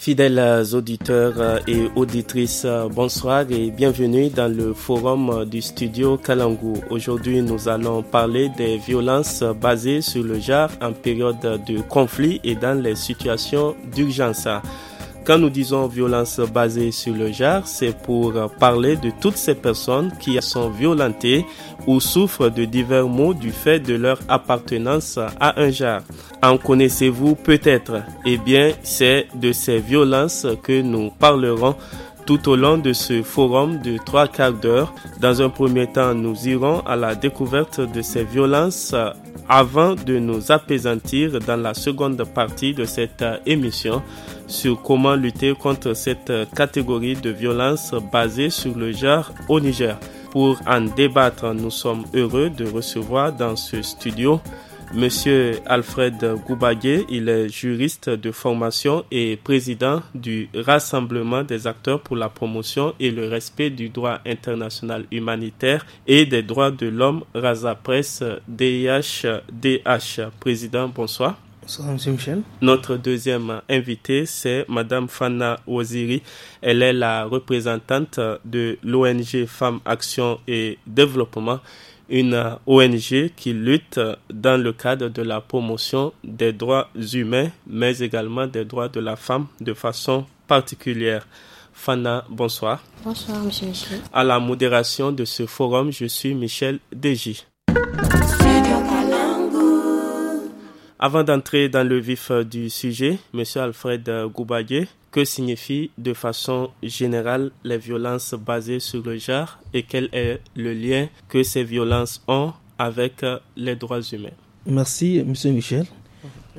Fidèles auditeurs euh, et auditrices, euh, bonsoir et bienvenue dans le forum euh, du studio Kalangu. Aujourd'hui, nous allons parler des violences basées sur le genre en période de conflit et dans les situations d'urgence. Quand nous disons violence basée sur le genre, c'est pour parler de toutes ces personnes qui sont violentées ou souffrent de divers maux du fait de leur appartenance à un genre. En connaissez-vous peut-être Eh bien, c'est de ces violences que nous parlerons tout au long de ce forum de trois quarts d'heure, dans un premier temps, nous irons à la découverte de ces violences avant de nous apaisantir dans la seconde partie de cette émission sur comment lutter contre cette catégorie de violences basée sur le genre au Niger. Pour en débattre, nous sommes heureux de recevoir dans ce studio Monsieur Alfred Goubagué, il est juriste de formation et président du Rassemblement des acteurs pour la promotion et le respect du droit international humanitaire et des droits de l'homme, Raza Press DIH-DH. Président, bonsoir. Bonsoir, Monsieur Michel. Notre deuxième invité c'est Madame Fana Waziri. Elle est la représentante de l'ONG Femmes Action et Développement une ONG qui lutte dans le cadre de la promotion des droits humains, mais également des droits de la femme de façon particulière. Fana, bonsoir. Bonsoir, monsieur Michel. À la modération de ce forum, je suis Michel Deji. Avant d'entrer dans le vif du sujet, monsieur Alfred Goubaye, que signifient de façon générale les violences basées sur le genre et quel est le lien que ces violences ont avec euh, les droits humains Merci, Monsieur Michel.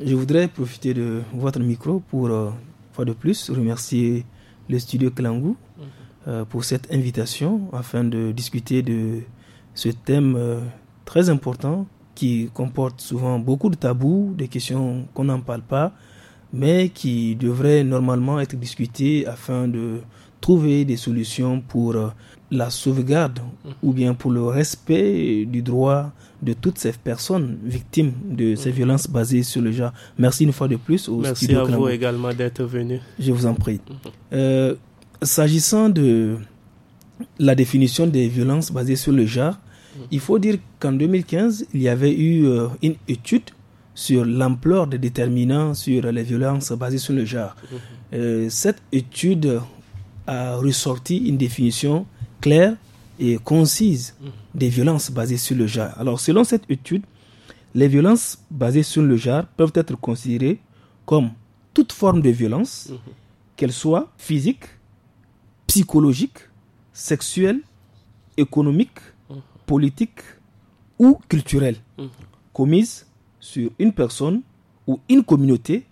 Je voudrais profiter de votre micro pour, une euh, fois de plus, remercier le studio Klangou euh, pour cette invitation afin de discuter de ce thème très important qui comporte souvent beaucoup de tabous, des questions qu'on n'en parle pas, mais qui devrait normalement être discuté afin de trouver des solutions pour euh, la sauvegarde mhm. ou bien pour le respect du droit de toutes ces personnes victimes de ces mhm. violences basées sur le genre. Merci une fois de plus. Au Merci à vous également d'être venu. Je vous en prie. Mhm. Euh, s'agissant de la définition des violences basées sur le genre, il faut dire qu'en 2015, il y avait eu euh, une étude sur l'ampleur des déterminants sur les violences basées sur le genre. Mhm. Euh, cette étude a ressorti une définition claire et concise mhm. des violences basées sur le genre. Alors, selon cette étude, les violences basées sur le genre peuvent être considérées comme toute forme de violence, mhm. qu'elle soit physique, psychologique, sexuelle, économique, politique ou culturelle, commise sur une personne ou une communauté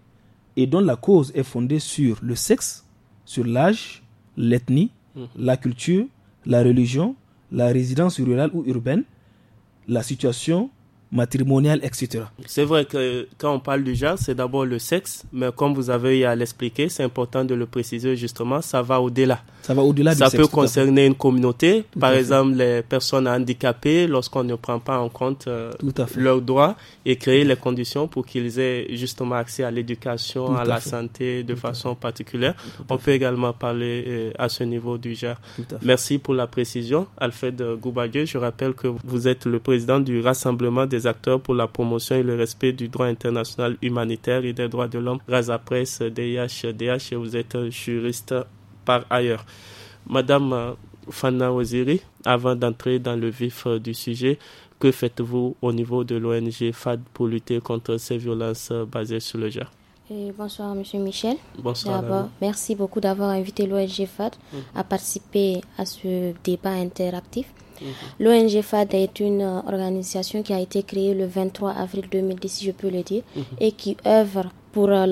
et dont la cause est fondée sur le sexe, sur l'âge, l'ethnie, mhm. la culture, la religion, la résidence rurale ou urbaine, la situation, matrimonial, etc. C'est vrai que quand on parle du genre, c'est d'abord le sexe, mais comme vous avez eu à l'expliquer, c'est important de le préciser justement, ça va au-delà. Ça va au-delà du sexe. Ça peut concerner une communauté, par exemple les personnes handicapées, lorsqu'on ne prend pas en compte euh, leurs droits et créer les conditions pour qu'ils aient justement accès à l'éducation, à, la santé de façon particulière. On peut également parler euh, à ce niveau du genre. Merci pour la précision, Alfred Goubadieu. Je rappelle que vous êtes le président du Rassemblement des acteurs pour la promotion et le respect du droit international humanitaire et des droits de l'homme, Raza Press, DIH, DH, vous êtes juriste par ailleurs. Madame euh, Fana Oziri, avant d'entrer dans le vif euh, du sujet, que faites-vous au niveau de l'ONG FAD pour lutter contre ces violences euh, basées sur le genre bonsoir, Monsieur Michel. Bonsoir. D'abord, merci beaucoup d'avoir invité l'ONG FAD à mm. participer à ce débat interactif. L'ONG FAD est une euh, organisation qui a été créée le 23 avril 2010, je peux le dire, mhm. et qui œuvre pour euh,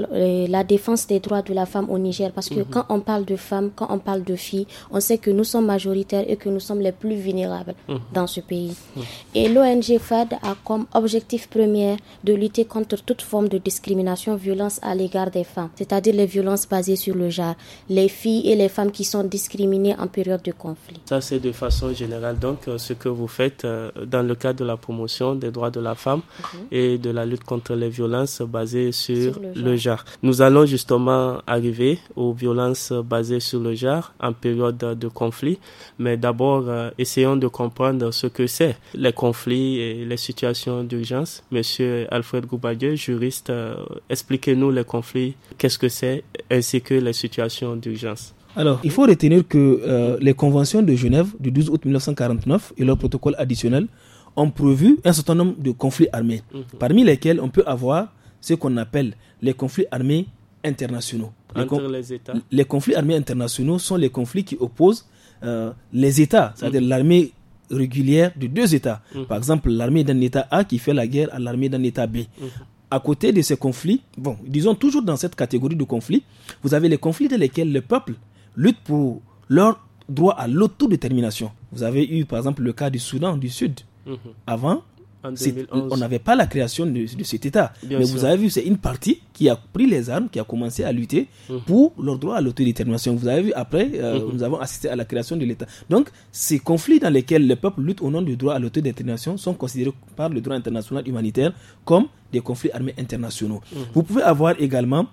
la défense des droits de la femme au Niger. Parce que mhm. quand on parle de femmes, quand on parle de filles, on sait que nous sommes majoritaires et que nous sommes les plus vulnérables mhm. dans ce pays. Mhm. Et l'ONG FAD a comme objectif premier de lutter contre toute forme de discrimination, violence à l'égard des femmes, c'est-à-dire les violences basées sur le genre, les filles et les femmes qui sont discriminées en période de conflit. Ça, c'est de façon générale, donc, euh, ce que vous faites euh, dans le cadre de la promotion des droits de la femme et de la lutte contre les violences basées sur, le genre. Nous allons justement arriver aux violences basées sur le genre en période de conflit, mais d'abord euh, essayons de comprendre ce que c'est les conflits et les situations d'urgence. Monsieur Alfred Goubadieu, juriste, euh, expliquez-nous les conflits, qu'est-ce que c'est, ainsi que les situations d'urgence. Alors, il faut retenir que euh, les conventions de Genève du 12 août 1949 et leur protocole additionnel ont prévu un certain nombre de conflits armés, mhm. parmi lesquels on peut avoir ce qu'on appelle les conflits armés internationaux. Entre les, États. les conflits armés internationaux sont les conflits qui opposent euh, les États, c'est-à-dire mm-hmm. l'armée régulière de deux États. Mm-hmm. Par exemple, l'armée d'un État A qui fait la guerre à l'armée d'un État B. Mm-hmm. À côté de ces conflits, bon, disons toujours dans cette catégorie de conflits, vous avez les conflits dans lesquels le peuple lutte pour leur droit à l'autodétermination. Vous avez eu par exemple le cas du Soudan du Sud. Avant, on n'avait pas la création de, cet État. Mais vous avez vu, c'est une partie qui a pris les armes, qui a commencé à lutter hum. pour leur droit à l'autodétermination. Vous avez vu, après, euh, hum, hum. nous avons assisté à la création de l'État. Donc, ces conflits dans lesquels le peuple lutte au nom du droit à l'autodétermination sont considérés par le droit international humanitaire comme des conflits armés internationaux. Vous pouvez avoir également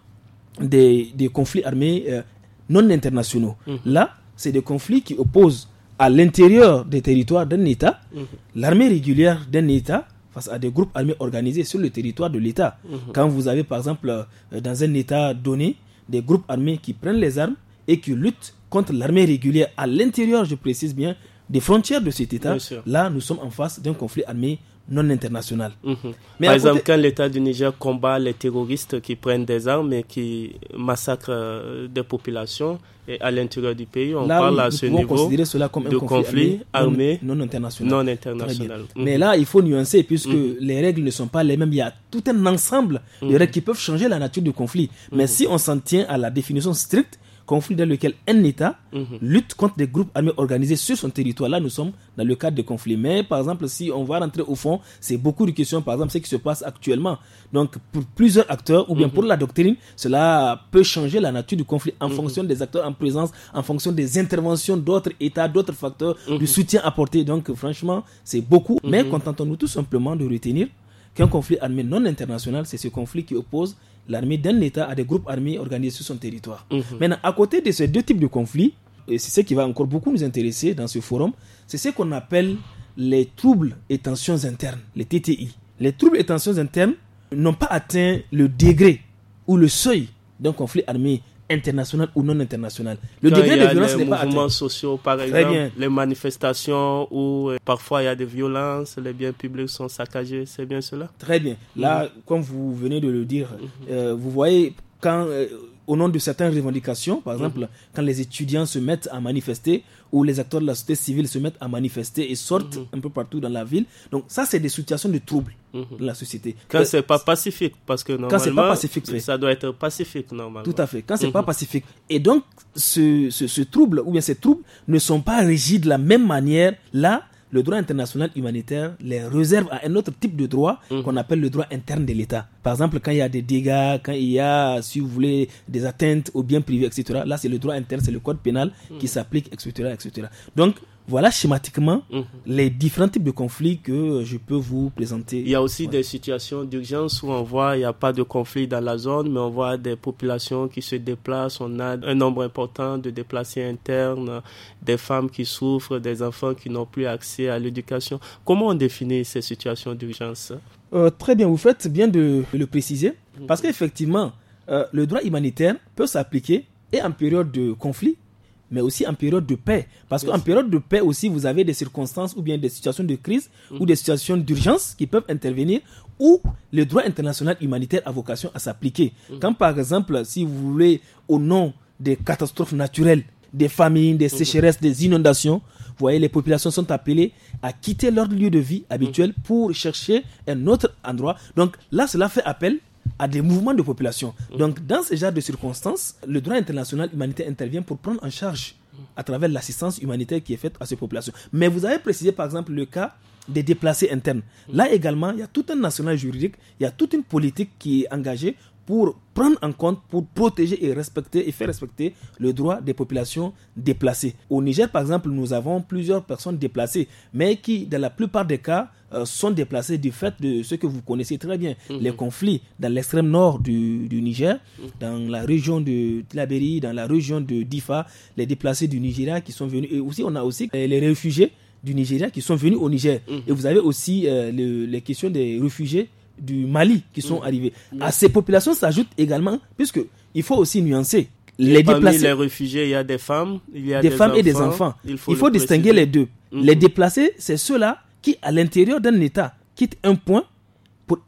des, conflits armés euh, non internationaux. Là, c'est des conflits qui opposent à l'intérieur des territoires d'un État, mhm. l'armée régulière d'un État face à des groupes armés organisés sur le territoire de l'État. Mhm. Quand vous avez, par exemple, euh, dans un État donné, des groupes armés qui prennent les armes et qui luttent contre l'armée régulière à l'intérieur, je précise bien, des frontières de cet État, là, nous sommes en face d'un conflit armé non internationale. Mhm. Mais Par exemple, quand l'État du Niger combat les terroristes qui prennent des armes et qui massacrent euh, des populations à l'intérieur du pays, on parle à ce niveau cela comme de conflit, armé, non, international. Mais mhm. là, il faut nuancer puisque mhm. les règles ne sont pas les mêmes. Il y a tout un ensemble de règles qui peuvent changer la nature du conflit. Mais si on s'en tient à la définition stricte, conflit dans lequel un État mhm. lutte contre des groupes armés organisés sur son territoire. Là, nous sommes dans le cadre de conflits. Mais par exemple, si on va rentrer au fond, c'est beaucoup de questions, par exemple, ce qui se passe actuellement. Donc, pour plusieurs acteurs, ou bien mhm. pour la doctrine, cela peut changer la nature du conflit en mhm. fonction des acteurs en présence, en fonction des interventions d'autres États, d'autres facteurs, du soutien apporté. Donc, franchement, c'est beaucoup. Mais contentons-nous tout simplement de retenir qu'un conflit armé non international, c'est ce conflit qui oppose l'armée d'un État à des groupes armés organisés sur son territoire. Mhm. Maintenant, à côté de ces deux types de conflits, et c'est ce qui va encore beaucoup nous intéresser dans ce forum, c'est ce qu'on appelle les troubles et tensions internes, les TTI. Les troubles et tensions internes n'ont pas atteint le degré ou le seuil d'un conflit armé international ou non international. Le degré de violence n'est Les mouvements sociaux, par exemple, les manifestations où euh, parfois il y a des violences, les biens publics sont saccagés, c'est bien cela Très bien. Là, mhm. comme vous venez de le dire, mhm. euh, vous voyez quand euh, au nom de certaines revendications, par exemple, quand les étudiants se mettent à manifester ou les acteurs de la société civile se mettent à manifester et sortent mhm. un peu partout dans la ville. Donc ça, c'est des situations de troubles mhm. dans la société. Quand euh, c'est pas pacifique, parce que normalement, pacifique, ça doit être pacifique normalement. Tout à fait. Quand c'est mhm. pas pacifique, et donc ce, ce, ce trouble ou bien ces troubles ne sont pas régis de la même manière là le droit international humanitaire les réserve à un autre type de droit mhm. qu'on appelle le droit interne de l'État. Par exemple, quand il y a des dégâts, quand il y a, si vous voulez, des atteintes aux biens privés, etc. Là, c'est le droit interne, c'est le code pénal mhm. qui s'applique, etc., etc. Donc, voilà schématiquement mhm. les différents types de conflits que je peux vous présenter. Il y a aussi des situations d'urgence où on voit il n'y a pas de conflit dans la zone, mais on voit des populations qui se déplacent, on a un nombre important de déplacés internes, des femmes qui souffrent, des enfants qui n'ont plus accès à l'éducation. Comment on définit ces situations d'urgence euh, Très bien, vous faites bien de le préciser, mhm. parce qu'effectivement, euh, le droit humanitaire peut s'appliquer et en période de conflit mais aussi en période de paix. Parce qu'en période de paix aussi, vous avez des circonstances ou bien des situations de crise mm. ou des situations d'urgence qui peuvent intervenir où le droit international humanitaire a vocation à s'appliquer. Mm. Quand par exemple, si vous voulez, au nom des catastrophes naturelles, des famines, des mm. sécheresses, des inondations, vous voyez, les populations sont appelées à quitter leur lieu de vie habituel pour chercher un autre endroit. Donc là, cela fait appel à des mouvements de population. Mm. Donc, dans ce genre de circonstances, le droit international humanitaire intervient pour prendre en charge à travers l'assistance humanitaire qui est faite à ces populations. Mais vous avez précisé, par exemple, le cas des déplacés internes. Mm. Là également, il y a tout un national juridique, il y a toute une politique qui est engagée pour prendre en compte, pour protéger et respecter et faire respecter le droit des populations déplacées. Au Niger, par exemple, nous avons plusieurs personnes déplacées, mais qui, dans la plupart des cas, euh, sont déplacées du fait de ce que vous connaissez très bien, mhm. les conflits dans l'extrême nord du, du Niger, mhm. dans la région de Tlaberi, dans la région de Difa, les déplacés du Nigeria qui sont venus, et aussi on a aussi euh, les réfugiés du Nigeria qui sont venus au Niger. Mhm. Et vous avez aussi euh, les questions des réfugiés du Mali qui sont mm. arrivés. Mm. À ces populations s'ajoutent également, puisque il faut aussi nuancer. Les déplacés. les réfugiés, il y a des femmes, il y a des, femmes enfants, et des enfants. Il faut, distinguer les deux. Mm. Les déplacés, c'est ceux-là qui, à l'intérieur d'un État, quittent un point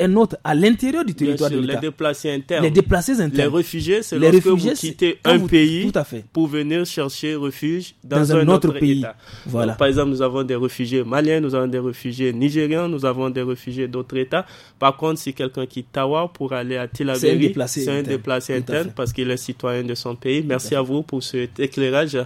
un autre à l'intérieur du territoire de l'État. Les déplacés internes. Les déplacés internes. Les réfugiés, c'est lorsque vous quittez un pays pour venir chercher refuge dans, un, autre, pays. Voilà. par exemple, nous avons des réfugiés maliens, nous avons des réfugiés nigériens, nous avons des réfugiés d'autres États. Par contre, si quelqu'un quitte Tawa pour aller à Aviv, c'est un déplacé interne, parce qu'il est citoyen de son pays. Merci à vous pour cet éclairage.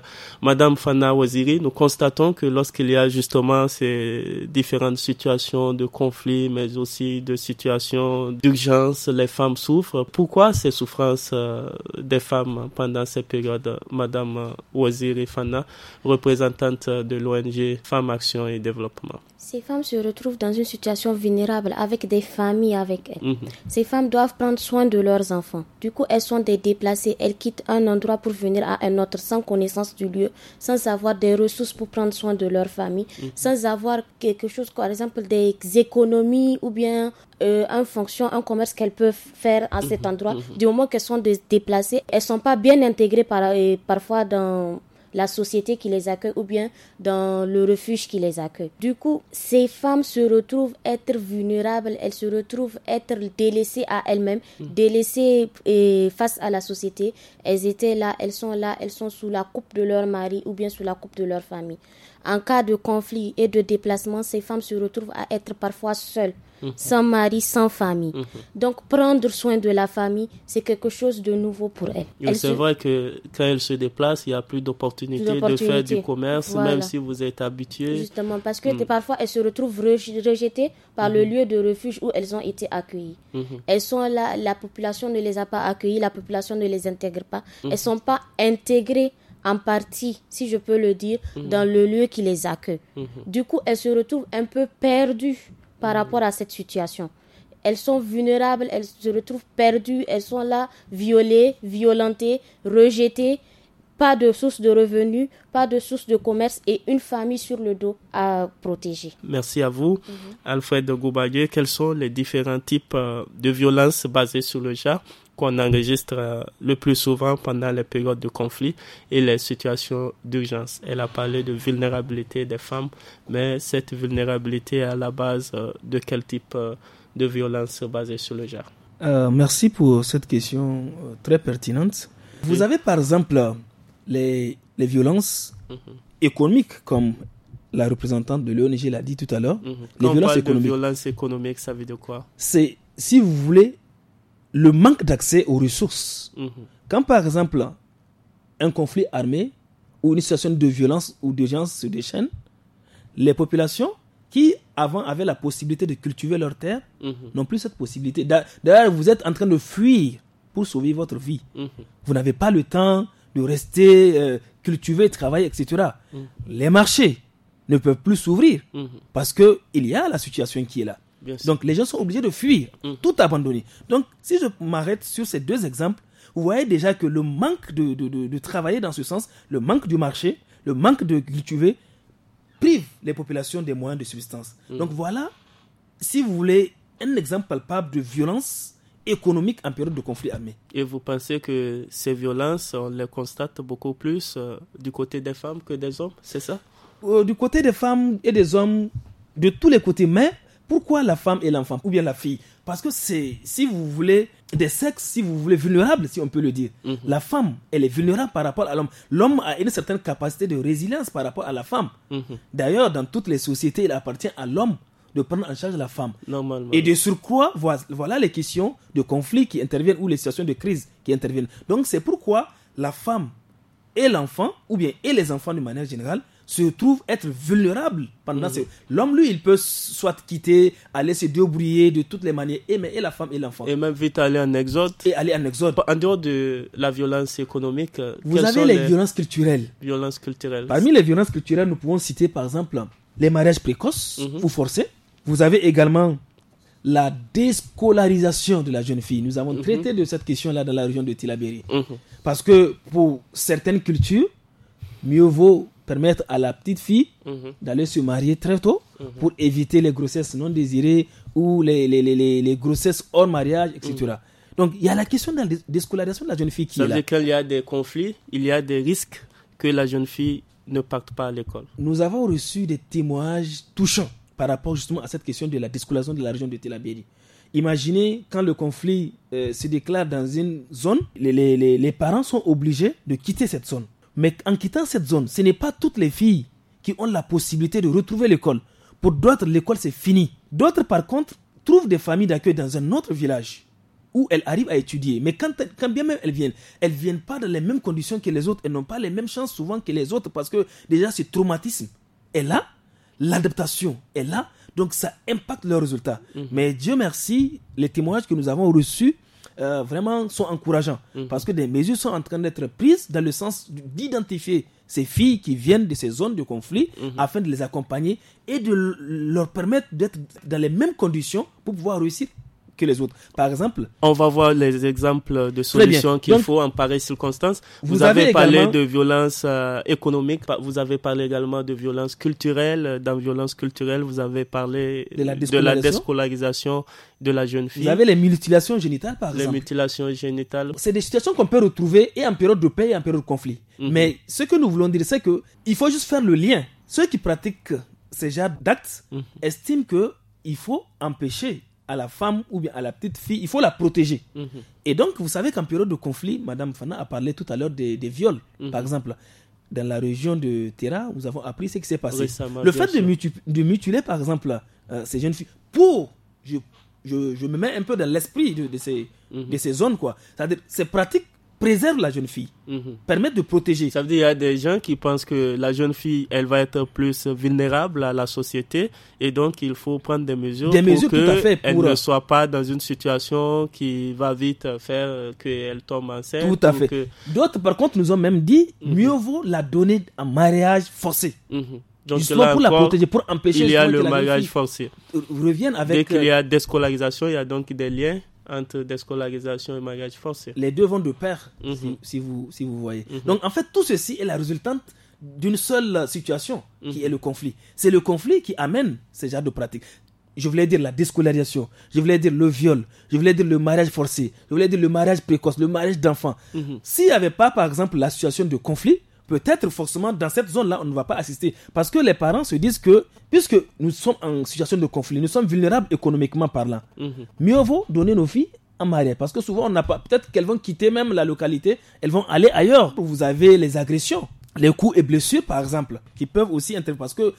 Madame Fana Waziri, nous constatons que lorsqu'il y a justement ces différentes situations de conflit, mais aussi de situation d'urgence, les femmes souffrent. Pourquoi ces souffrances euh, des femmes pendant cette période, Madame Waziri Fana, représentante de l'ONG Femmes Action et Développement ces femmes se retrouvent dans une situation vulnérable avec des familles avec elles. Mhm. Ces femmes doivent prendre soin de leurs enfants. Du coup, elles sont des déplacées. Elles quittent un endroit pour venir à un autre sans connaissance du lieu, sans avoir des ressources pour prendre soin de leur famille, mhm. sans avoir quelque chose, par exemple des économies ou bien en euh, fonction, un commerce qu'elles peuvent faire à cet mhm. endroit. Du moment qu'elles sont déplacées, elles sont pas bien intégrées par, euh, parfois dans la société qui les accueille ou bien dans le refuge qui les accueille. Du coup, ces femmes se retrouvent être vulnérables, elles se retrouvent être délaissées à elles-mêmes, hmm. délaissées face à la société. Elles étaient là, elles sont là, elles sont sous la coupe de leur mari ou bien sous la coupe de leur famille. En cas de conflit et de déplacement, ces femmes se retrouvent à être parfois seules, mhm. sans mari, sans famille. Mhm. Donc prendre soin de la famille, c'est quelque chose de nouveau pour elles. c'est vrai que quand elles se déplacent, il n'y a plus d'opportunités de faire du commerce, même si vous êtes habitué. Justement, parce que mhm. parfois elles se retrouvent rejetées par le lieu de refuge où elles ont été accueillies. Elles sont là, la population ne les a pas accueillies, la population ne les intègre pas. Elles ne sont pas intégrées en partie, si je peux le dire, mhm. dans le lieu qui les accueille. Mhm. Du coup, elles se retrouvent un peu perdues par mhm. rapport à cette situation. Elles sont vulnérables, elles se retrouvent perdues, elles sont là, violées, violentées, rejetées, pas de source de revenus, pas de source de commerce et une famille sur le dos à protéger. Merci à vous. Alfred de Goubaye, quels sont les différents types euh, de violences basées sur le genre qu'on enregistre euh, le plus souvent pendant les périodes de conflit et les situations d'urgence. Elle a parlé de vulnérabilité des femmes, mais cette vulnérabilité est à la base euh, de quel type euh, de violence basée sur le genre Merci pour cette question très pertinente. Vous avez par exemple les, les violences mhm. économiques comme la représentante de l'ONG l'a dit tout à l'heure. Mhm. Les violences économiques. De violence économique, ça veut dire quoi C'est, si vous voulez, le manque d'accès aux ressources. Mhm. Quand par exemple un conflit armé ou une situation de violence ou de se déchaîne, les populations qui avant avaient la possibilité de cultiver leurs terres mhm. n'ont plus cette possibilité. D'ailleurs, vous êtes en train de fuir pour sauver votre vie. Mhm. Vous n'avez pas le temps de rester euh, cultiver, travailler, etc. Les marchés ne peuvent plus s'ouvrir parce qu'il y a la situation qui est là. Donc les gens sont obligés de fuir, mm. tout abandonner. Donc si je m'arrête sur ces deux exemples, vous voyez déjà que le manque de, de, travailler dans ce sens, le manque du marché, le manque de cultiver, prive les populations des moyens de subsistance. Mm. Donc voilà, si vous voulez, un exemple palpable de violence économique en période de conflit armé. Et vous pensez que ces violences, on les constate beaucoup plus euh, du côté des femmes que des hommes, c'est ça euh, Du côté des femmes et des hommes, de tous les côtés, mais pourquoi la femme et l'enfant ou bien la fille Parce que c'est, si vous voulez, des sexes, si vous voulez, vulnérables, si on peut le dire. Mhm. La femme, elle est vulnérable par rapport à l'homme. L'homme a une certaine capacité de résilience par rapport à la femme. Mhm. D'ailleurs, dans toutes les sociétés, il appartient à l'homme de prendre en charge la femme. Et de surcroît, voilà les questions de conflits qui interviennent ou les situations de crise qui interviennent. Donc c'est pourquoi la femme et l'enfant, ou bien et les enfants de manière générale, se trouve être vulnérable pendant mhm. L'homme, lui, il peut soit quitter, aller se débrouiller de toutes les manières, et, et la femme et l'enfant. Et même vite aller en exode. Et aller en exode. En dehors de la violence économique, euh, vous avez les, violences culturelles. Violences culturelles. Parmi les violences culturelles, nous pouvons citer par exemple les mariages précoces mhm. ou forcés. Vous avez également la déscolarisation de la jeune fille. Nous avons mhm. traité de cette question-là dans la région de Tilaberi. Parce que pour certaines cultures, mieux vaut permettre à la petite fille mhm. d'aller se marier très tôt mhm. pour éviter les grossesses non désirées ou les, les, les, les grossesses hors mariage, etc. Mhm. Donc il y a la question de la déscolarisation de la jeune fille qui Ça est là. qu'il y a des conflits, il y a des risques que la jeune fille ne parte pas à l'école. Nous avons reçu des témoignages touchants par rapport justement à cette question de la déscolarisation de la région de Telabéry. Imaginez quand le conflit euh, se déclare dans une zone, les, les, les, parents sont obligés de quitter cette zone. Mais en quittant cette zone, ce n'est pas toutes les filles qui ont la possibilité de retrouver l'école. Pour d'autres, l'école, c'est fini. D'autres, par contre, trouvent des familles d'accueil dans un autre village où elles arrivent à étudier. Mais quand, bien même elles viennent, elles ne viennent pas dans les mêmes conditions que les autres. Elles n'ont pas les mêmes chances souvent que les autres parce que déjà, ce traumatisme est là. L'adaptation est là. Donc, ça impacte leurs résultats. Mhm. Mais Dieu merci, les témoignages que nous avons reçus euh, vraiment sont encourageants. Mhm. Parce que des mesures sont en train d'être prises dans le sens d'identifier ces filles qui viennent de ces zones de conflit mhm. afin de les accompagner et de leur permettre d'être dans les mêmes conditions pour pouvoir réussir les autres. Par exemple, on va voir les exemples de solutions qu'il faut en pareille circonstance. Vous, avez, parlé de violence euh, économique, vous avez parlé également de violence culturelle. Dans violence culturelle, vous avez parlé de la déscolarisation de la, jeune fille. Vous avez les mutilations génitales, par exemple. Les mutilations génitales. C'est des situations qu'on peut retrouver et en période de paix et en période de conflit. Mhm. Mais ce que nous voulons dire, c'est que il faut juste faire le lien. Ceux qui pratiquent ces genres d'actes mhm. estiment que il faut empêcher à la femme ou bien à la petite fille, il faut la protéger. Mhm. Et donc, vous savez qu'en période de conflit, Madame Fana a parlé tout à l'heure des, viols, mhm. par exemple. Dans la région de Terra, nous avons appris ce qui s'est passé. le fait de, mutiler, par exemple, euh, ces jeunes filles, pour, je, me mets un peu dans l'esprit de, de, ces, mhm. de ces zones, quoi. C'est pratique préserve la jeune fille, mhm. permette de protéger. Ça veut dire qu'il y a des gens qui pensent que la jeune fille, elle va être plus vulnérable à la société et donc il faut prendre des mesures pour qu'elle ne euh, soit pas dans une situation qui va vite faire qu'elle tombe enceinte. Tout à fait. D'autres, par contre, nous ont même dit mhm. mieux vaut la donner en mariage forcé. Mhm. Donc justement pour la protéger, pour empêcher il y a le mariage forcé. avec. Dès qu'il y a euh, scolarisations, il y a donc des liens entre déscolarisation et mariage forcé. Les deux vont de pair, si, mhm. vous, si vous voyez. Mhm. Donc en fait, tout ceci est la résultante d'une seule situation, qui mhm. est le conflit. C'est le conflit qui amène ces genres de pratiques. Je voulais dire la déscolarisation, je voulais dire le viol, je voulais dire le mariage forcé, je voulais dire le mariage précoce, le mariage d'enfants. S'il n'y avait pas, par exemple, la situation de conflit, peut-être forcément dans cette zone-là, on ne va pas assister. Parce que les parents se disent que, puisque nous sommes en situation de conflit, nous sommes vulnérables économiquement parlant, mhm. mieux vaut donner nos filles en mariage. Parce que souvent, on n'a pas. Peut-être qu'elles vont quitter même la localité, elles vont aller ailleurs. Vous avez les agressions, les coups et blessures, par exemple, qui peuvent aussi intervenir. Parce que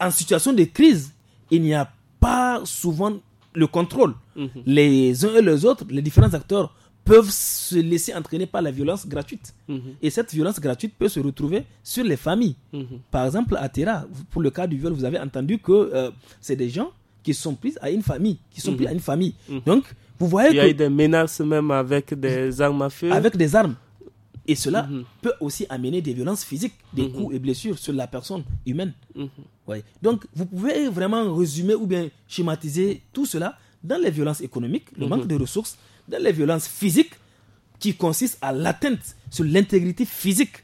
en situation de crise, il n'y a pas souvent le contrôle. Mhm. Les uns et les autres, les différents acteurs peuvent se laisser entraîner par la violence gratuite. Mhm. Et cette violence gratuite peut se retrouver sur les familles. Mhm. Par exemple, à Terra, pour le cas du viol, vous avez entendu que euh, c'est des gens qui sont pris à une famille, qui sont pris mhm. à une famille. Donc, vous voyez Il y a eu des menaces même avec des armes à feu. Avec des armes. Et cela peut aussi amener des violences physiques, des coups et blessures sur la personne humaine. Donc, vous pouvez vraiment résumer ou bien schématiser tout cela dans les violences économiques, le manque de ressources, dans les violences physiques qui consistent à l'atteinte sur l'intégrité physique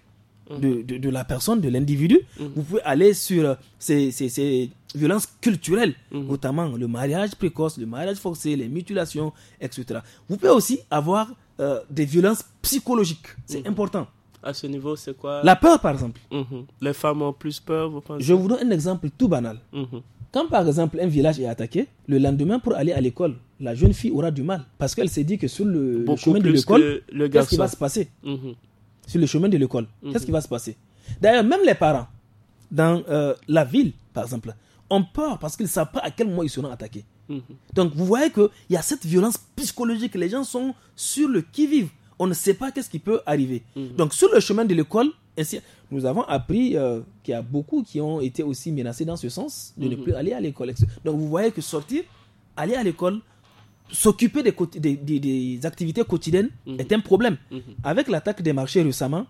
de, la personne, de l'individu. Mhm. Vous pouvez aller sur euh, ces, violences culturelles, mhm. notamment le mariage précoce, le mariage forcé, les mutilations, etc. Vous pouvez aussi avoir euh, des violences psychologiques. C'est mhm. important. À ce niveau, c'est quoi La peur, par exemple. Les femmes ont plus peur, vous pensez Je vous donne un exemple tout banal. Quand par exemple un village est attaqué, le lendemain pour aller à l'école, la jeune fille aura du mal parce qu'elle s'est dit que sur le, chemin de l'école, qu'est-ce qui va se passer mhm. Sur le chemin de l'école, mhm. qu'est-ce qui va se passer D'ailleurs, même les parents dans euh, la ville, par exemple, ont peur parce qu'ils ne savent pas à quel moment ils seront attaqués. Mhm. Donc vous voyez qu'il y a cette violence psychologique, les gens sont sur le qui-vive on ne sait pas qu'est-ce qui peut arriver. Mhm. Donc sur le chemin de l'école, nous avons appris euh, qu'il y a beaucoup qui ont été aussi menacés dans ce sens de ne mhm. plus aller à l'école. Donc vous voyez que sortir, aller à l'école, s'occuper des, des, activités quotidiennes mhm. est un problème. Avec l'attaque des marchés récemment,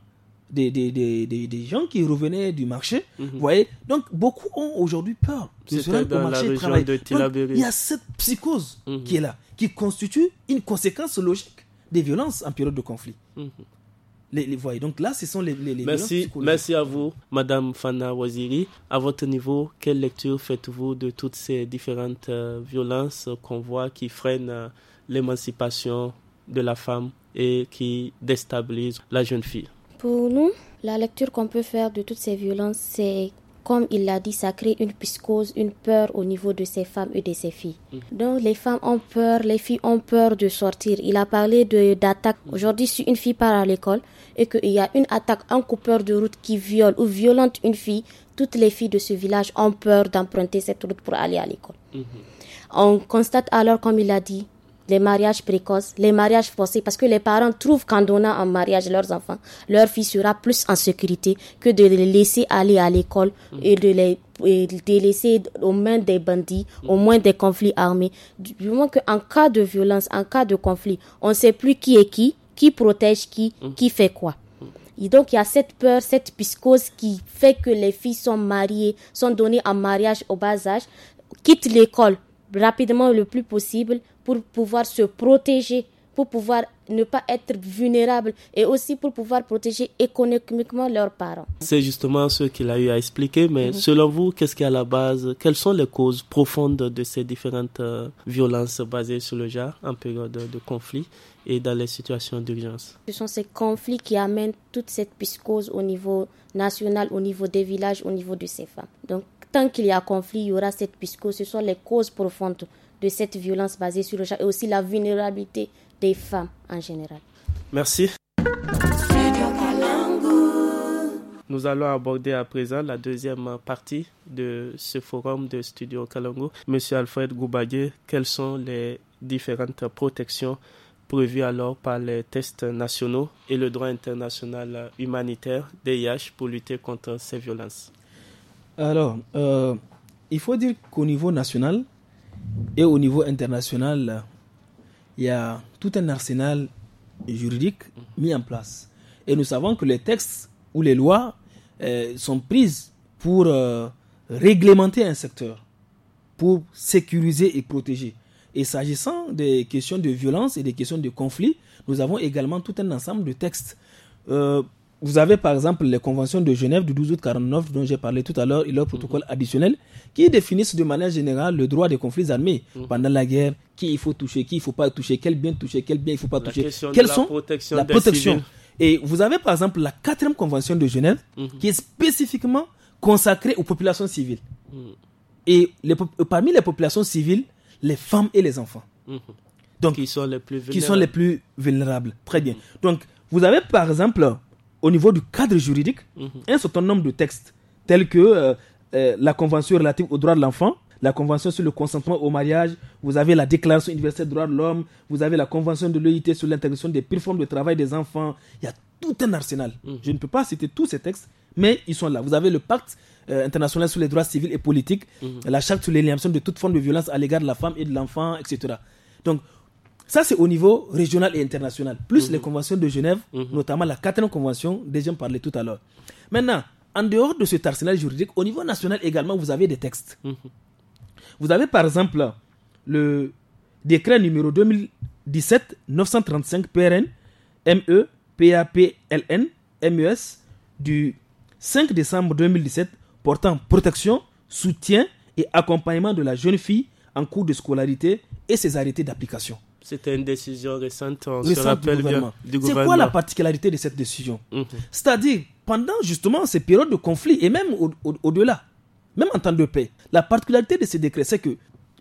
des, des, des, des, gens qui revenaient du marché. vous voyez Donc, beaucoup ont aujourd'hui peur C'est se rendre marché il y a cette psychose qui est là, qui constitue une conséquence logique des violences en période de conflit. Mhm. Les, voyez. Donc là, ce sont les, les, merci, merci à vous, Madame Fana Waziri. À votre niveau, quelle lecture faites-vous de toutes ces différentes euh, violences qu'on voit qui freinent euh, l'émancipation de la femme et qui déstabilisent la jeune fille Pour nous, la lecture qu'on peut faire de toutes ces violences, c'est comme il l'a dit, ça crée une psychose, une peur au niveau de ces femmes et de ces filles. Mm-hmm. Donc les femmes ont peur, les filles ont peur de sortir. Il a parlé d'attaque. Mm-hmm. Aujourd'hui, si une fille part à l'école et qu'il y a une attaque, un coupeur de route qui viole ou violente une fille, toutes les filles de ce village ont peur d'emprunter cette route pour aller à l'école. Mm-hmm. On constate alors, comme il l'a dit, les mariages précoces, les mariages forcés, parce que les parents trouvent qu'en donnant en mariage leurs enfants, leur fille sera plus en sécurité que de les laisser aller à l'école mm. et de les laisser aux mains des bandits, mm. au moins des conflits armés. Du moins qu'en cas de violence, en cas de conflit, on ne sait plus qui est qui, qui protège qui, mm. qui fait quoi. Et donc, il y a cette peur, cette psychose qui fait que les filles sont mariées, sont données en mariage au bas âge, quittent l'école rapidement le plus possible pour pouvoir se protéger, pour pouvoir ne pas être vulnérable et aussi pour pouvoir protéger économiquement leurs parents. C'est justement ce qu'il a eu à expliquer, mais mhm. selon vous, qu'est-ce qui est à la base, quelles sont les causes profondes de ces différentes euh, violences basées sur le genre en période de, conflit et dans les situations d'urgence Ce sont ces conflits qui amènent toute cette psychose au niveau national, au niveau des villages, au niveau de ces femmes. Donc tant qu'il y a conflit, il y aura cette puisque ce sont les causes profondes de cette violence basée sur le genre et aussi la vulnérabilité des femmes en général. Merci. Nous allons aborder à présent la deuxième partie de ce forum de Studio Kalongo. Monsieur Alfred Goubagué, quelles sont les différentes protections prévues alors par les tests nationaux et le droit international humanitaire DIH pour lutter contre ces violences alors, euh, il faut dire qu'au niveau national et au niveau international, il y a tout un arsenal juridique mis en place. Et nous savons que les textes ou les lois euh, sont prises pour euh, réglementer un secteur, pour sécuriser et protéger. Et s'agissant des questions de violence et des questions de conflit, nous avons également tout un ensemble de textes vous avez par exemple les conventions de Genève du 12 août 1949, dont j'ai parlé tout à l'heure et leur mhm. protocole additionnel qui définissent de manière générale le droit des conflits armés mhm. pendant la guerre, qui il faut toucher, qui il faut pas toucher, quel bien toucher, quel bien il faut pas toucher. Quelles sont la protection, la protection. Et vous avez par exemple la quatrième convention de Genève mhm. qui est spécifiquement consacrée aux populations civiles. Et euh, parmi les populations civiles, les femmes et les enfants. Donc, sont les plus Qui sont les plus vulnérables. Très bien. Donc, vous avez par exemple au niveau du cadre juridique, mhm. un certain nombre de textes, tels que euh, euh, la Convention relative aux droits de l'enfant, la Convention sur le consentement au mariage, vous avez la Déclaration universelle des droits de l'homme, vous avez la Convention de l'OIT sur l'intégration des pires formes de travail des enfants. Il y a tout un arsenal. Mhm. Je ne peux pas citer tous ces textes, mais ils sont là. Vous avez le Pacte euh, international sur les droits civils et politiques, mhm. la Charte sur l'élimination de toute forme de violence à l'égard de la femme et de l'enfant, etc. Donc, ça, c'est au niveau régional et international, plus mhm. les conventions de Genève, mhm. notamment la quatrième convention dont j'ai parlé tout à l'heure. Maintenant, en dehors de cet arsenal juridique, au niveau national également, vous avez des textes. Mhm. Vous avez par exemple le décret numéro 2017-935 PRN, ME, LN MES du 5 décembre 2017 portant protection, soutien et accompagnement de la jeune fille en cours de scolarité et ses arrêtés d'application. C'était une décision récente, on se C'est quoi la particularité de cette décision mhm. C'est-à-dire, pendant justement ces périodes de conflit, et même au-delà, même en temps de paix, la particularité de ces décrets, c'est que,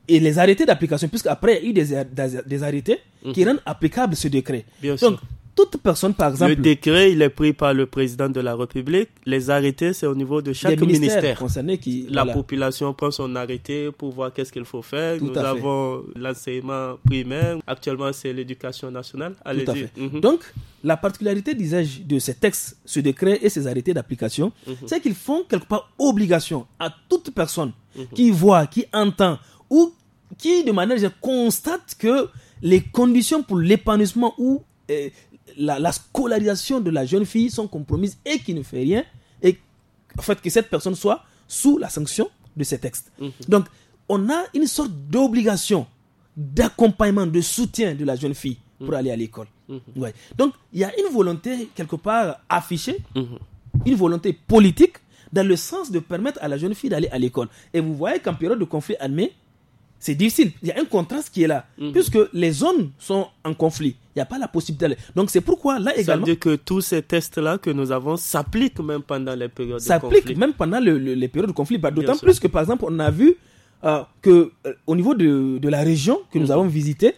et les arrêtés d'application, puisqu'après, il y a eu des, des, arrêtés mhm. qui rendent applicable ce décret. Bien sûr toute personne, par exemple. Le décret, il est pris par le président de la République. Les arrêtés, c'est au niveau de chaque ministère. Concerné qui, la population prend son arrêté pour voir qu'est-ce qu'il faut faire. Nous avons l'enseignement primaire. Actuellement, c'est l'éducation nationale. allez mhm. Donc, la particularité, disais de ces textes, ce décret et ces arrêtés d'application, mhm. c'est qu'ils font quelque part obligation à toute personne mhm. qui voit, qui entend ou qui, de manière, constate que les conditions pour l'épanouissement ou euh, la, scolarisation de la jeune fille sont compromises et qui ne fait rien, et en fait que cette personne soit sous la sanction de ces textes. Mhm. Donc, on a une sorte d'obligation d'accompagnement, de soutien de la jeune fille pour mhm. aller à l'école. Mhm. Donc, il y a une volonté quelque part affichée, une volonté politique, dans le sens de permettre à la jeune fille d'aller à l'école. Et vous voyez qu'en période de conflit armé, c'est difficile. Il y a un contraste qui est là, puisque les zones sont en conflit il n'y a pas la possibilité. d'aller. Donc c'est pourquoi là également. Ça veut dire que tous ces tests-là que nous avons s'appliquent même pendant les périodes de conflit. S'appliquent même pendant les périodes de conflit. Bah, d'autant plus que par exemple, on a vu euh, que euh, au niveau de, de, la région que nous mhm. avons visitée,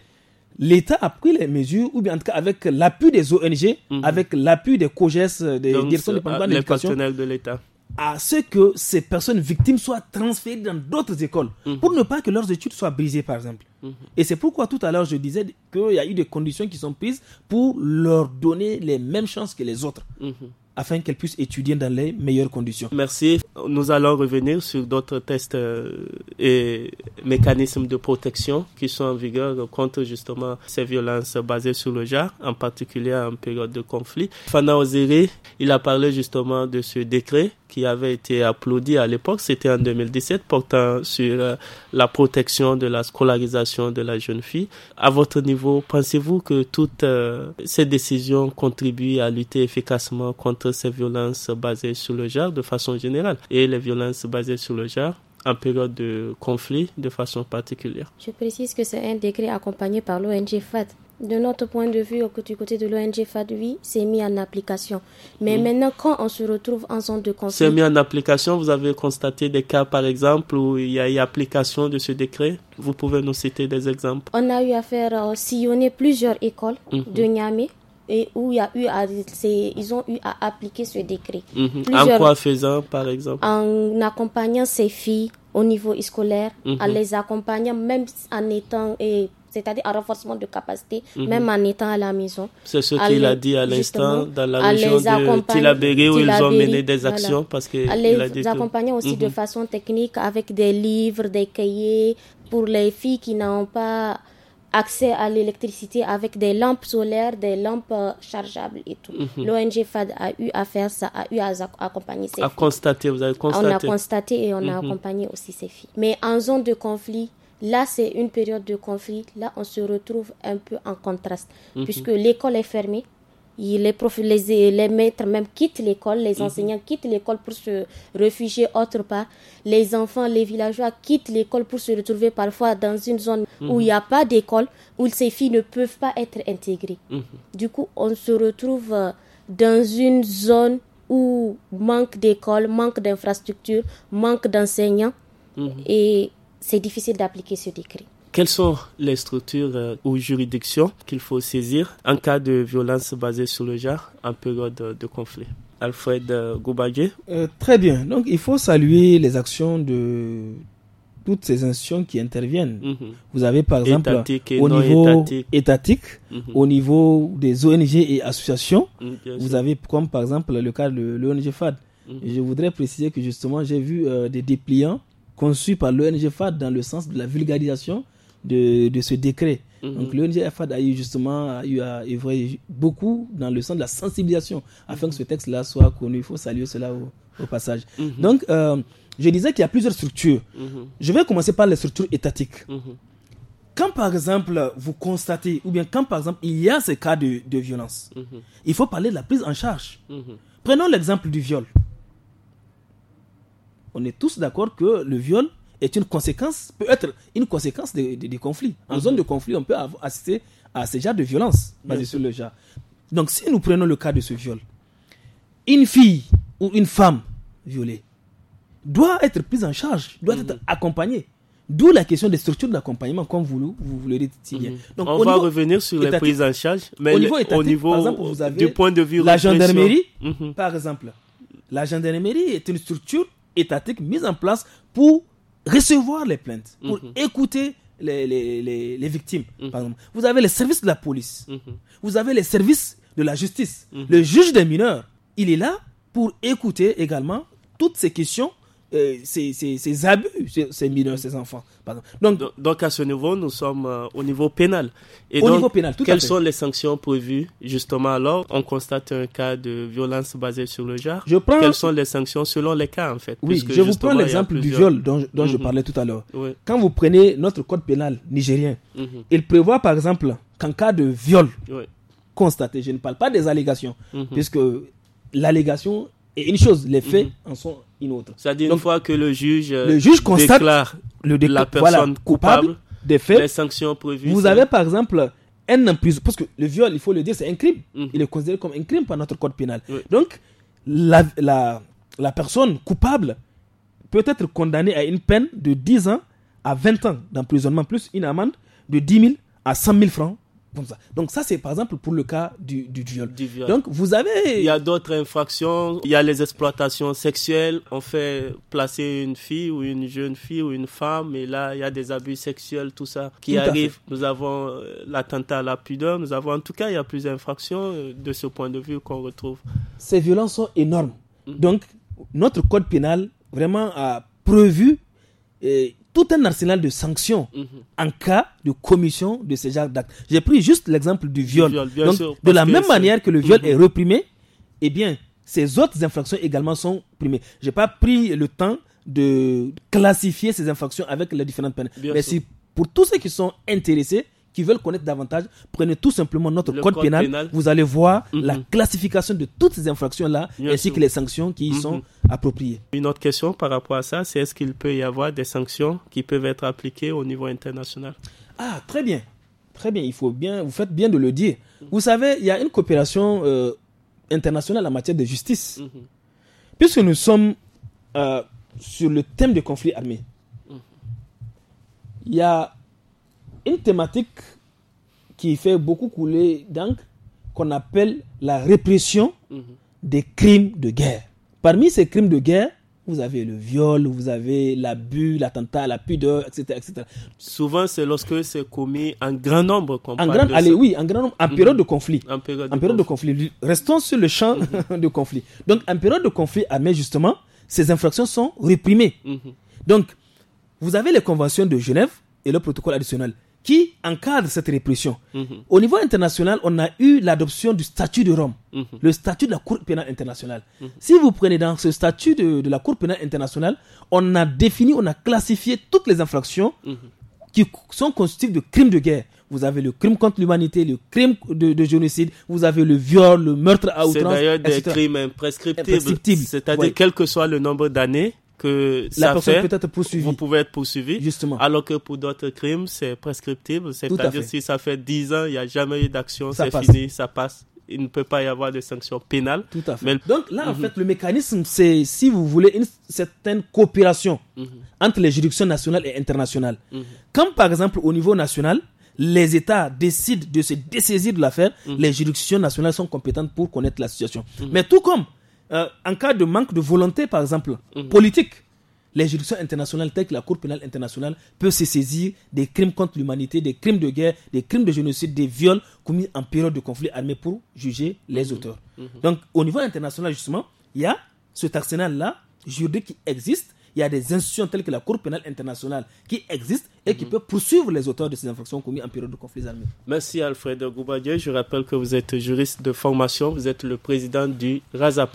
l'État a pris les mesures, ou bien en tout cas avec l'appui des ONG, mhm. avec l'appui des COGES, des directions euh, de Les partenaires de l'État à ce que ces personnes victimes soient transférées dans d'autres écoles mhm. pour ne pas que leurs études soient brisées, par exemple. Mhm. Et c'est pourquoi tout à l'heure je disais qu'il y a eu des conditions qui sont prises pour leur donner les mêmes chances que les autres. Mhm. afin qu'elles puissent étudier dans les meilleures conditions. Merci. Nous allons revenir sur d'autres tests euh, et mécanismes de protection qui sont en vigueur contre justement ces violences basées sur le genre, en particulier en période de conflit. Fana Oziri, il a parlé justement de ce décret qui avait été applaudi à l'époque, c'était en 2017, portant sur euh, la protection de la scolarisation de la jeune fille. À votre niveau, pensez-vous que toutes euh, ces décisions contribuent à lutter efficacement contre ces violences basées sur le genre de façon générale et les violences basées sur le genre en période de conflit de façon particulière. Je précise que c'est un décret accompagné par l'ONG FAT de notre point de vue, du côté de l'ONG FADUI, c'est mis en application. Mais mm. maintenant, quand on se retrouve en zone de conflit... C'est mis en application. Vous avez constaté des cas, par exemple, où il y a eu application de ce décret. Vous pouvez nous citer des exemples. On a eu à faire euh, sillonner plusieurs écoles mhm. de Niamey et où il y a eu ils ont eu à appliquer ce décret. Mhm. En quoi faisant, par exemple En accompagnant ces filles au niveau scolaire, en mhm. les accompagnant même en étant... Et, c'est-à-dire un renforcement de capacité, mhm. même en étant à la maison. C'est ce qu'il a dit à l'instant dans la région de Tilabéry où ils ont mené des actions parce que les il a dit accompagner aussi de mhm. façon technique avec des livres, des cahiers pour les filles qui n'ont pas accès à l'électricité avec des lampes solaires, des lampes euh, chargeables et tout. Mhm. L'ONG FAD a eu à faire ça, a eu à accompagner ces filles. A constaté, vous avez constaté. On a constaté et on a accompagné aussi ces filles. Mais en zone de conflit, Là, c'est une période de conflit. Là, on se retrouve un peu en contraste, mhm. puisque l'école est fermée. Les, les, les maîtres même quittent l'école, les mhm. enseignants quittent l'école pour se réfugier autre part. Les enfants, les villageois quittent l'école pour se retrouver parfois dans une zone mhm. où il n'y a pas d'école, où ces filles ne peuvent pas être intégrées. Du coup, on se retrouve euh, dans une zone où manque d'école, manque d'infrastructures, manque d'enseignants. Et c'est difficile d'appliquer ce décret. Quelles sont les structures euh, ou juridictions qu'il faut saisir en cas de violence basée sur le genre en période de conflit Alfred euh, Goubagé. Euh, très bien. Donc, il faut saluer les actions de toutes ces institutions qui interviennent. Mhm. Vous avez par exemple au niveau étatique, mhm. au niveau des ONG et associations, mm, vous avez comme par exemple le cas de l'ONG FAD. Mhm. Je voudrais préciser que justement j'ai vu des dépliants conçu par l'ONG FAD dans le sens de la vulgarisation de, ce décret. Mhm. Donc l'ONG FAD a eu justement a eu beaucoup dans le sens de la sensibilisation afin que ce texte-là soit connu. Il faut saluer cela au, au passage. Mhm. Donc euh, je disais qu'il y a plusieurs structures. Mhm. Je vais commencer par les structures étatiques. Quand par exemple vous constatez, ou bien quand par exemple il y a ces cas de, de violence, il faut parler de la prise en charge. Prenons l'exemple du viol on est tous d'accord que le viol est une conséquence, peut être une conséquence des, conflits. En mhm. zone de conflit, on peut assister à ces genre de violence basée mhm. sur le genre. Donc, si nous prenons le cas de ce viol, une fille ou une femme violée doit être prise en charge, doit mhm. être accompagnée. D'où la question des structures d'accompagnement, comme vous, vous, le dites Donc, on va revenir sur les prises en charge, mais au niveau, par exemple, du point de vue la gendarmerie, par exemple. La gendarmerie est une structure étatique mise en place pour recevoir les plaintes, pour mhm. écouter les, victimes. Mhm. Vous avez les services de la police, mhm. vous avez les services de la justice. Le juge des mineurs, il est là pour écouter également toutes ces questions ces, abus ces mineurs, ces enfants. Pardon. Donc, donc, à ce niveau, nous sommes euh, au niveau pénal. Et au donc, niveau pénal, tout Quelles à fait. sont les sanctions prévues justement alors On constate un cas de violence basée sur le genre. Je prends... Quelles sont les sanctions selon les cas en fait Oui, je vous prends l'exemple du viol dont, dont je mhm. parlais tout à l'heure. Quand vous prenez notre code pénal nigérien, mhm. il prévoit par exemple qu'en cas de viol constaté, je ne parle pas des allégations, mhm. puisque l'allégation et une chose, les faits mhm. en sont une autre. C'est-à-dire une fois que le juge, euh, déclare le la personne coupable, des faits, les sanctions prévues. Vous avez par exemple un emprisonnement, parce que le viol, il faut le dire, c'est un crime. Mhm. Il est considéré comme un crime par notre code pénal. Donc, la, la, la, personne coupable peut être condamnée à une peine de 10 ans à 20 ans d'emprisonnement, plus une amende de 10 000 à 100 000 francs ça. Donc ça, c'est par exemple pour le cas du, du, viol. du, viol. Donc vous avez... Il y a d'autres infractions, il y a les exploitations sexuelles, on fait placer une fille ou une jeune fille ou une femme, et là, il y a des abus sexuels, tout ça qui arrivent. arrive. Nous avons euh, l'attentat à la pudeur, nous avons en tout cas, il y a plusieurs infractions euh, de ce point de vue qu'on retrouve. Ces violences sont énormes. Donc notre code pénal vraiment a prévu tout un arsenal de sanctions mhm. en cas de commission de ce genre d'actes. J'ai pris juste l'exemple du viol. de la même manière que le viol mhm. est reprimé, eh bien, ces autres infractions également sont primées. Je n'ai pas pris le temps de classifier ces infractions avec les différentes peines. Mais si pour tous ceux qui sont intéressés, qui veulent connaître davantage, prenez tout simplement notre code, pénal. Vous allez voir mhm. la classification de toutes ces infractions-là, ainsi que les sanctions qui y mhm. sont appropriées. Une autre question par rapport à ça, c'est est-ce qu'il peut y avoir des sanctions qui peuvent être appliquées au niveau international Ah, très bien. Très bien, il faut bien, vous faites bien de le dire. Vous savez, il y a une coopération euh, internationale en matière de justice. Mhm. Puisque nous sommes euh, sur le thème des conflits armés, il y a une thématique qui fait beaucoup couler d'encre, qu'on appelle la répression des crimes de guerre. Parmi ces crimes de guerre, vous avez le viol, vous avez l'abus, l'attentat, la pudeur, etc., Souvent, c'est lorsque c'est commis en grand nombre. En grand, allez, oui, en grand nombre, en période de conflit. En période, de, conflit. Restons sur le champ mhm. de conflit. Donc, en période de conflit armé, ah, justement, ces infractions sont réprimées. Mhm. Donc, vous avez les conventions de Genève et le protocole additionnel qui encadre cette répression. Au niveau international, on a eu l'adoption du statut de Rome, mhm. le statut de la Cour pénale internationale. Si vous prenez dans ce statut de, la Cour pénale internationale, on a défini, on a classifié toutes les infractions mhm. qui sont constituées de crimes de guerre. Vous avez le crime contre l'humanité, le crime de, génocide, vous avez le viol, le meurtre à outrance. C'est d'ailleurs des crimes imprescriptibles. C'est-à-dire, quel que soit le nombre d'années, que peut être poursuivie. Vous pouvez être poursuivi. Justement. Alors que pour d'autres crimes, c'est prescriptible. C'est-à-dire si ça fait 10 ans, il n'y a jamais eu d'action, c'est fini, ça passe. Il ne peut pas y avoir de sanctions pénales Tout à fait. Donc là, en mhm. fait, le mécanisme, c'est, si vous voulez, une certaine coopération mhm. entre les juridictions nationales et internationales. comme par exemple, au niveau national, les États décident de se dessaisir de l'affaire, mhm. les juridictions nationales sont compétentes pour connaître la situation. Mais tout comme euh, en cas de manque de volonté, par exemple, mhm. politique, les juridictions internationales telles que la Cour pénale internationale peuvent se saisir des crimes contre l'humanité, des crimes de guerre, des crimes de génocide, des viols commis en période de conflit armé pour juger les mhm. auteurs. Mhm. Donc au niveau international, justement, il y a cet arsenal-là juridique qui existe il y a des institutions telles que la Cour pénale internationale qui existent et qui mhm. peuvent poursuivre les auteurs de ces infractions commises en période de conflit armé. Merci Alfred Goubadieu. Je rappelle que vous êtes juriste de formation, vous êtes le président du Raza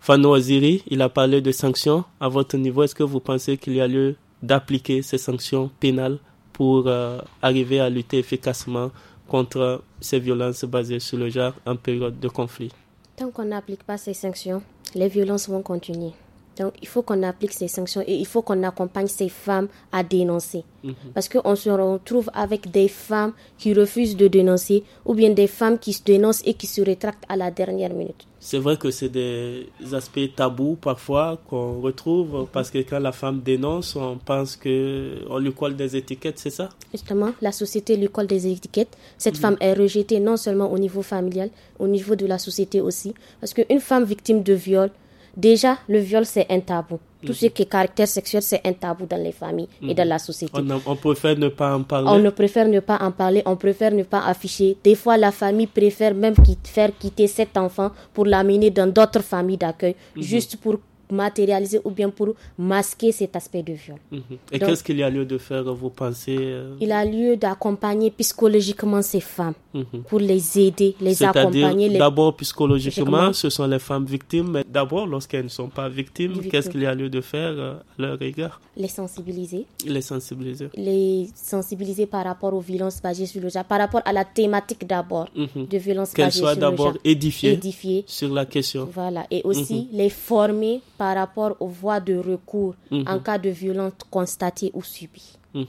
Fano Aziri, il a parlé de sanctions. À votre niveau, est-ce que vous pensez qu'il y a lieu d'appliquer ces sanctions pénales pour euh, arriver à lutter efficacement contre ces violences basées sur le genre en période de conflit Tant qu'on n'applique pas ces sanctions, les violences vont continuer. Donc, il faut qu'on applique ces sanctions et il faut qu'on accompagne ces femmes à dénoncer. Mhm. Parce qu'on se retrouve avec des femmes qui refusent de dénoncer ou bien des femmes qui se dénoncent et qui se rétractent à la dernière minute. C'est vrai que c'est des aspects tabous parfois qu'on retrouve mhm. parce que quand la femme dénonce, on pense qu'on lui colle des étiquettes, c'est ça Justement, la société lui colle des étiquettes. Cette mhm. femme est rejetée non seulement au niveau familial, au niveau de la société aussi. Parce qu'une femme victime de viol, Déjà, le viol, c'est un tabou. Tout ce mhm. qui est caractère sexuel, c'est un tabou dans les familles et dans mhm. la société. On, préfère ne pas en parler. On ne préfère ne pas en parler, on préfère ne pas afficher. Des fois, la famille préfère même faire quitter cet enfant pour l'amener dans d'autres familles d'accueil, mhm. juste pour matérialiser ou bien pour masquer cet aspect de viol. Mhm. Et qu'est-ce qu'il y a lieu de faire, vous pensez Il euh? Il a lieu d'accompagner psychologiquement ces femmes mhm. pour les aider, les accompagner. Les... D'abord psychologiquement, ce sont les femmes victimes, mais d'abord lorsqu'elles ne sont pas victimes, qu'est-ce qu'il y a lieu de faire euh, à leur égard Les sensibiliser. Les sensibiliser. Les sensibiliser par rapport aux violences basées sur le genre, par rapport à la thématique d'abord mhm. de violences basées sur le genre. Qu'elles soient d'abord édifiées sur la question. Voilà, et aussi les former par rapport aux voies de recours mhm. en cas de violence constatée ou subie. Mhm.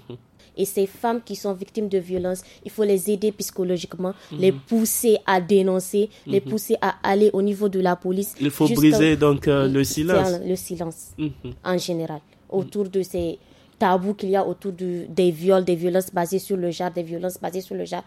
Et ces femmes qui sont victimes de violences, il faut les aider psychologiquement, mhm. les pousser à dénoncer, les pousser à aller au niveau de la police. Il faut briser donc euh, le silence. Le silence en général autour de ces tabous qu'il y a autour des viols, des violences basées sur le genre, des violences basées sur le genre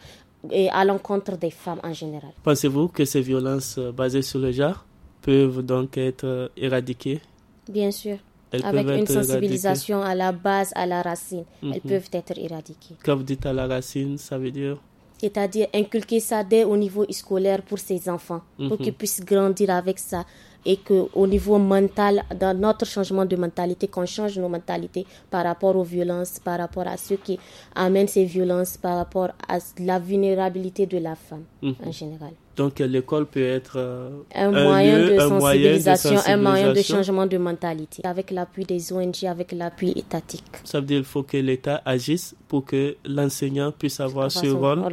et à l'encontre des femmes en général. Pensez-vous que ces violences euh, basées sur le genre peuvent donc être euh, éradiquées Bien sûr. Avec une sensibilisation à la base, à la racine, elles mhm. peuvent être éradiquées. Quand vous dites à la racine, ça veut dire c'est-à-dire inculquer ça dès au niveau scolaire pour ses enfants, mhm. pour qu'ils puissent grandir avec ça et qu'au niveau mental, dans notre changement de mentalité, qu'on change nos mentalités par rapport aux violences, par rapport à ceux qui amènent ces violences, par rapport à la vulnérabilité de la femme mhm. en général. Donc l'école peut être euh, un, moyen un, de sensibilisation, un moyen de changement de mentalité, avec l'appui des ONG, avec l'appui étatique. Ça veut dire qu'il faut que l'État agisse pour que l'enseignant puisse avoir ce rôle,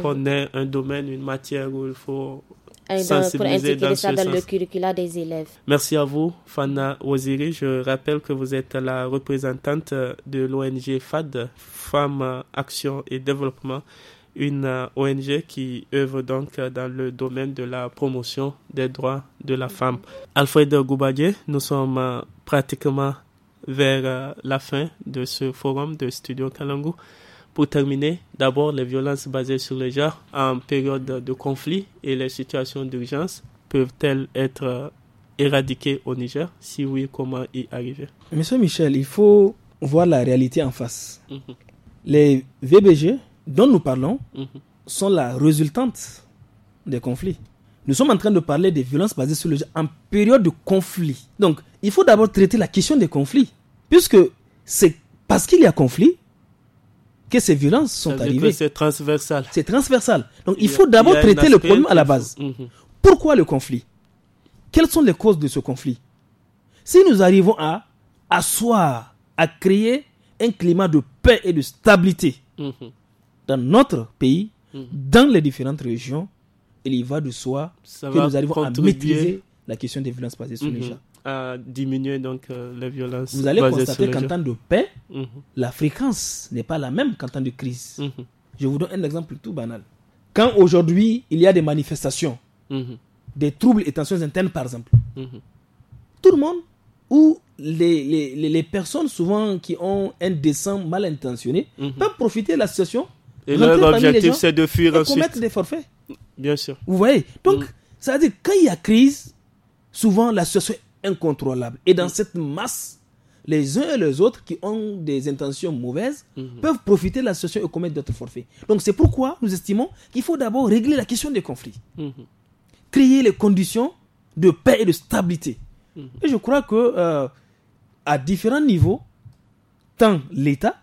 qu'on ait un domaine, une matière où il faut dans, pour ça dans le curricula des élèves. Merci à vous, Fana Waziri. Je rappelle que vous êtes la représentante de l'ONG FAD, Femmes, Action et Développement une euh, ONG qui œuvre donc euh, dans le domaine de la promotion des droits de la femme. Alfred Goubadier, nous sommes euh, pratiquement vers la fin de ce forum de Studio Kalangu. Pour terminer, d'abord les violences basées sur le genre en période de conflit et les situations d'urgence peuvent-elles être éradiquées au Niger Si oui, comment y arriver Monsieur Michel, il faut voir la réalité en face. Mhm. Les VBG, dont nous parlons mhm. sont la résultante des conflits. Nous sommes en train de parler des violences basées sur le genre en période de conflit. Donc, il faut d'abord traiter la question des conflits, puisque c'est parce qu'il y a conflit que ces violences sont arrivées. C'est transversal. C'est transversal. Donc, il, faut d'abord traiter le problème à la base. Mhm. Pourquoi le conflit Quelles sont les causes de ce conflit Si nous arrivons à asseoir, à créer un climat de paix et de stabilité, mhm dans notre pays, mhm. dans les différentes régions, il y va de soi que nous arrivons à maîtriser la question des violences basées sur les mhm. gens. À diminuer donc euh, les violences. Vous allez constater qu'en temps de paix, mhm. la fréquence n'est pas la même qu'en temps de crise. Je vous donne un exemple tout banal. Quand aujourd'hui il y a des manifestations, des troubles et tensions internes par exemple, tout le monde ou les, personnes souvent qui ont un dessin mal intentionné peuvent profiter de la situation et leur objectif, c'est de fuir et commettre des forfaits. Bien sûr. Vous voyez Donc, mm. ça veut dire quand il y a crise, souvent la situation est incontrôlable. Et dans mm. cette masse, les uns et les autres qui ont des intentions mauvaises mm-hmm. peuvent profiter de la situation et commettre d'autres forfaits. Donc, c'est pourquoi nous estimons qu'il faut d'abord régler la question des conflits. Mm-hmm. Créer les conditions de paix et de stabilité. Mm-hmm. Et je crois que, euh, à différents niveaux, tant l'État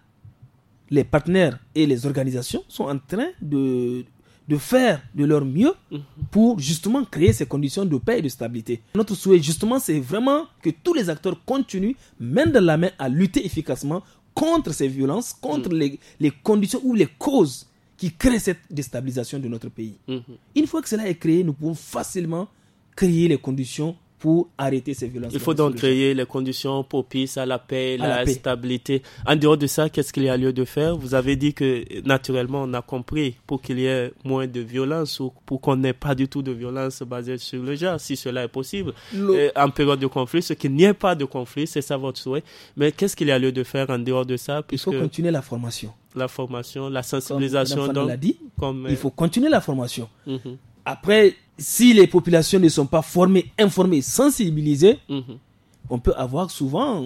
les partenaires et les organisations sont en train de, de faire de leur mieux mhm. pour justement créer ces conditions de paix et de stabilité. Notre souhait justement, c'est vraiment que tous les acteurs continuent, main dans la main, à lutter efficacement contre ces violences, contre mhm. les, conditions ou les causes qui créent cette déstabilisation de notre pays. Mhm. Une fois que cela est créé, nous pouvons facilement créer les conditions pour arrêter ces violences. Il faut donc créer les conditions propices à la paix, à la, stabilité. En dehors de ça, qu'est-ce qu'il y a lieu de faire Vous avez dit que naturellement, on a compris pour qu'il y ait moins de violence ou pour qu'on n'ait pas du tout de violence basée sur le genre, si cela est possible. En période de conflit, ce qu'il n'y ait pas de conflit, c'est ça votre souhait. Mais qu'est-ce qu'il y a lieu de faire en dehors de ça Il faut continuer la formation. La formation, la sensibilisation. Comme dit, comme, il faut continuer la formation. Euh, mhm. Après, si les populations ne sont pas formées, informées, sensibilisées, mhm. on peut avoir souvent,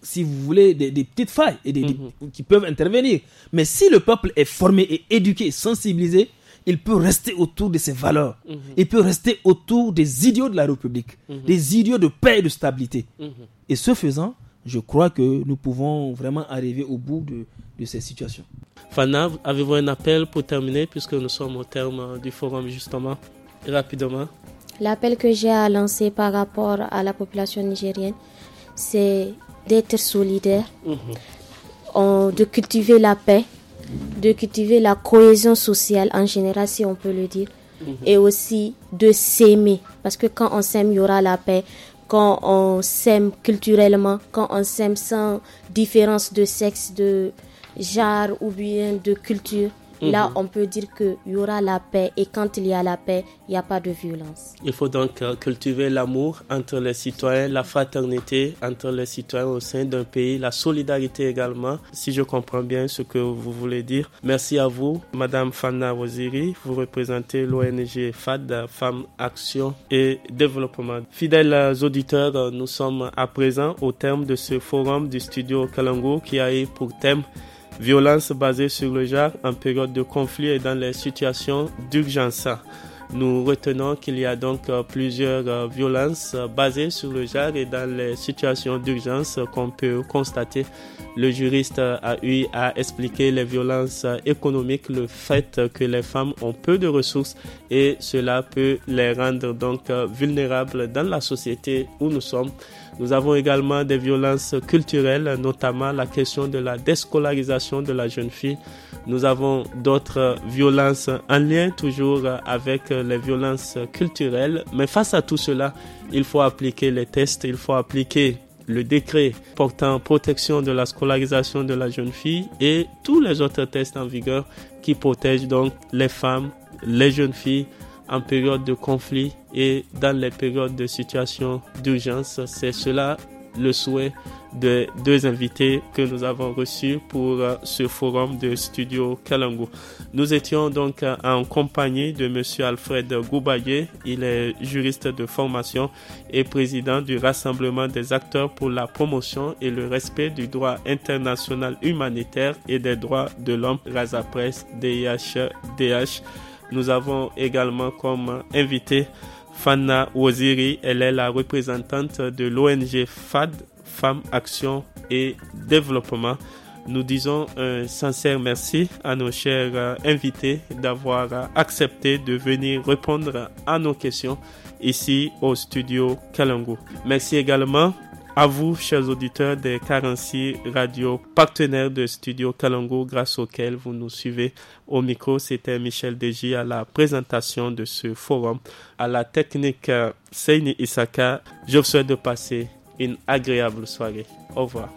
si vous voulez, des, petites failles mhm. qui peuvent intervenir. Mais si le peuple est formé et éduqué, sensibilisé, il peut rester autour de ses valeurs. Mhm. Il peut rester autour des idiots de la République, des idiots de paix et de stabilité. Et ce faisant, je crois que nous pouvons vraiment arriver au bout de, de ces situations. Fana, avez-vous un appel pour terminer puisque nous sommes au terme du forum justement Rapidement. L'appel que j'ai à lancer par rapport à la population nigérienne, c'est d'être solidaire, mhm. de cultiver la paix, de cultiver la cohésion sociale en général, si on peut le dire, mhm. et aussi de s'aimer. Parce que quand on s'aime, il y aura la paix. Quand on s'aime culturellement, quand on s'aime sans différence de sexe, de genre ou bien de culture, Là, mhm. on peut dire qu'il y aura la paix et quand il y a la paix, il n'y a pas de violence. Il faut donc euh, cultiver l'amour entre les citoyens, la fraternité entre les citoyens au sein d'un pays, la solidarité également, si je comprends bien ce que vous voulez dire. Merci à vous, Madame Fana Waziri. Vous représentez l'ONG FAD, Femmes Action et Développement. Fidèles auditeurs, nous sommes à présent au terme de ce forum du studio Kalango qui a eu pour thème Violence basée sur le genre en période de conflit et dans les situations d'urgence. Nous retenons qu'il y a donc euh, plusieurs euh, violences euh, basées sur le genre et dans les situations d'urgence qu'on peut constater. Le juriste a eu à expliquer les violences économiques, le fait que les femmes ont peu de ressources et cela peut les rendre donc vulnérables dans la société où nous sommes. Nous avons également des violences culturelles, notamment la question de la déscolarisation de la jeune fille. Nous avons d'autres violences en lien toujours avec les violences culturelles. Mais face à tout cela, il faut appliquer les tests, il faut appliquer le décret portant protection de la scolarisation de la jeune fille et tous les autres tests en vigueur qui protègent donc les femmes, les jeunes filles en période de conflit et dans les périodes de situation d'urgence. C'est cela le souhait des deux invités que nous avons reçus pour euh, ce forum de Studio Kalango. Nous étions donc euh, en compagnie de Monsieur Alfred Goubaye. Il est juriste de formation et président du Rassemblement des acteurs pour la promotion et le respect du droit international humanitaire et des droits de l'homme, Raza Press, DIH, DH. Nous avons également comme invité Fanna Waziri, Elle est la représentante de l'ONG FAD, Femmes Action et Développement. Nous disons un sincère merci à nos chers invités d'avoir accepté de venir répondre à nos questions ici au studio Kalango. Merci également à vous, chers auditeurs des 46 Radio, partenaires de Studio Kalango, grâce auquel vous nous suivez au micro. C'était Michel Deji à la présentation de ce forum. À la technique euh, Seini Isaka, je vous souhaite de passer une agréable soirée. Au revoir.